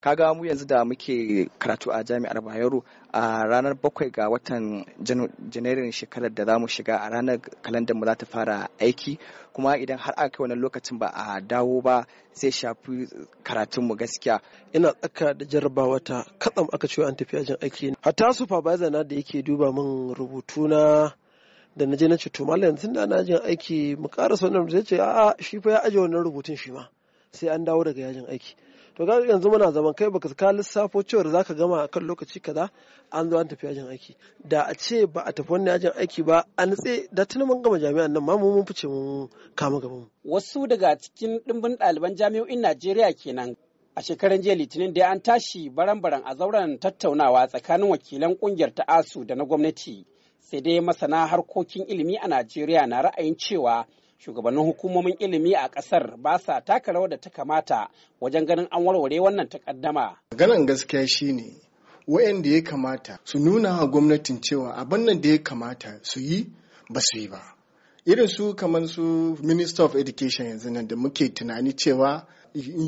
ka ga mu yanzu da muke karatu a jami'ar bayero a ranar bakwai ga watan janairun shekarar da za mu shiga a ranar kalandar mu za ta fara aiki kuma idan har aka wani lokacin ba a dawo ba sai shafi karatun mu gaskiya ina tsaka da jarabawa wata katsam aka ce an tafi ajin aiki hatta supervisor na da yake duba min rubutu na da na je na ce to mallam yanzu da na ajin aiki mu karasa wannan zai ce a'a shi fa ya aje wannan rubutun shi ma sai an dawo daga yajin aiki to ga yanzu muna zaman kai baka ka lissafo cewar zaka gama a kan lokaci kaza an zo an tafi yajin aiki da a ce ba a tafi wannan yajin aiki ba a nutse da tuni mun gama jami'an nan ma mu mun fice mun kama gaban mu wasu daga cikin dimbin ɗaliban jami'o'in Najeriya kenan a shekaran jiya litinin dai an tashi baran-baran a zauren tattaunawa tsakanin wakilan kungiyar ta asu da na gwamnati sai dai masana harkokin ilimi a najeriya na ra'ayin cewa shugabannin hukumomin ilimi a kasar ba sa taka rawar da ta kamata wajen ganin an warware wannan takaddama. Ganin gaskiya shine wayanda ya kamata su nuna wa gwamnatin cewa abin nan da ya kamata su yi ba su yi ba. Irin su kamar su Minister of Education yanzu nan da muke tunani cewa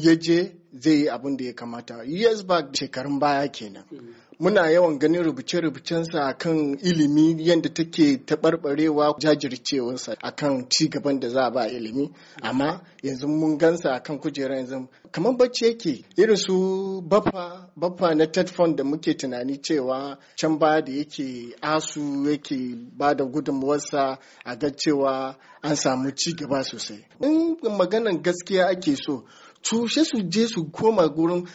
ya je zai yi abin da ya kamata. Years back shekarun baya kenan. Hmm. muna yawan ganin rubuce-rubucensa akan ilimi yadda take taɓarɓarewa jajircewarsa akan ci gaban da za a ba ilimi amma yanzu mun gansa akan kujera yanzu kamar bacci yake irin su bafa, bafa na ted da muke tunani cewa can ba da yake asu yake ba da gudunmuwarsa a ga cewa an samu ci gaba sosai in maganan gaskiya ake so su su je su koma gurin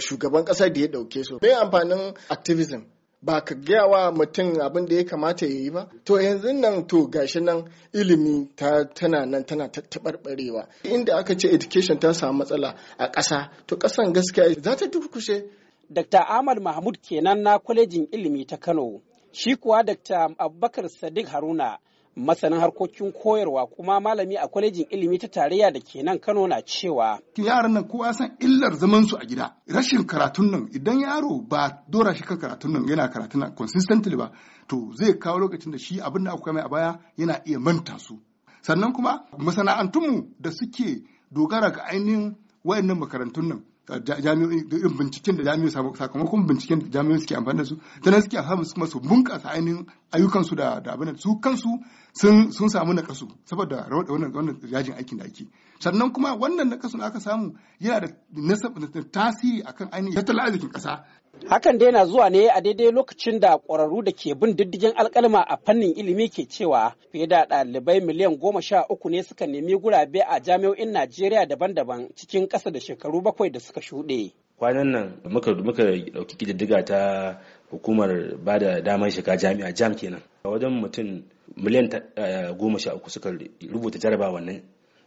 shugaban kasa da ya dauke su bai amfanin activism ba ka gaya wa mutum abin da ya kamata ya yi ba to yanzu nan to gashi nan ilimi ta tana nan tana taɓarɓarewa inda aka ce education ta samu matsala a ƙasa to ƙasan gaskiya za ta durkushe Dr. Ahmad Mahmud kenan na kwalejin ilimi ta Kano. Shi kuwa Dr. Abubakar Sadiq Haruna masanin harkokin koyarwa kuma malami a kwalejin ilimi ta tarayya da ke nan kano na cewa yaran nan kowa san illar zaman su a gida rashin karatun nan idan yaro ba dora shi kan karatun nan yana karatun nan consistently ba to zai kawo lokacin da shi abin da aka mai a baya yana iya manta su sannan kuma masana'antunmu da suke dogara ga ainihin wayannan makarantun nan irin binciken da jami'o'i sakamakon binciken da jami'un suke amfani da su ta nan suke amfani kuma su bunƙasa ainihin ayyukansu da da abin su kansu sun samu na kasu saboda wannan wannan yajin aikin da ake sannan kuma wannan na kasu aka samu yana da tasiri akan ainihin tattalin arzikin ƙasa Hakan dai na zuwa ne a daidai lokacin da ƙwararru da ke bin diddigin alkalma a fannin ilimi ke cewa fiye da ɗalibai miliyan goma sha uku ne suka nemi gurabe a jami'o'in Najeriya daban-daban cikin ƙasa da shekaru bakwai da suka shuɗe. Kwanan nan muka muka ɗauki ƙididdiga ta hukumar ba da damar shiga jami'a jam kenan. A wajen mutum miliyan eh, goma sha uku suka rubuta jaraba nan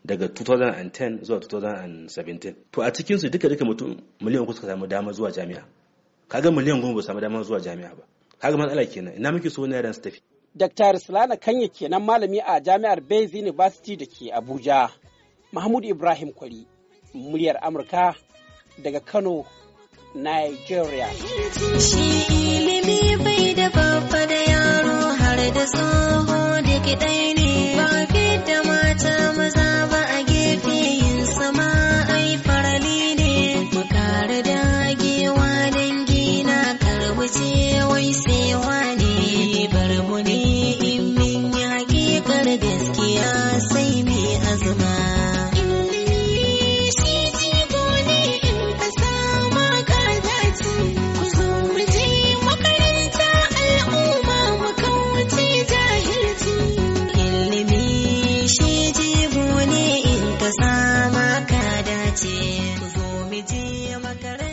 daga 2010 zuwa 2017. To a cikinsu duka-duka mutum miliyan uku suka samu dama zuwa jami'a. kaga miliyan goma ba samu damar zuwa jami'a ba kaga matsala kenan ina muke so yaran su tafi Dr. Silana Kanye kenan malami a Jami'ar Bayes University da ke Abuja. Mahmud Ibrahim Kwari, muryar Amurka daga Kano, Nigeria. Shi ilimi bai da babba da yaro har da tsoho da makare